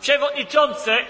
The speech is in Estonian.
Przewodniczący!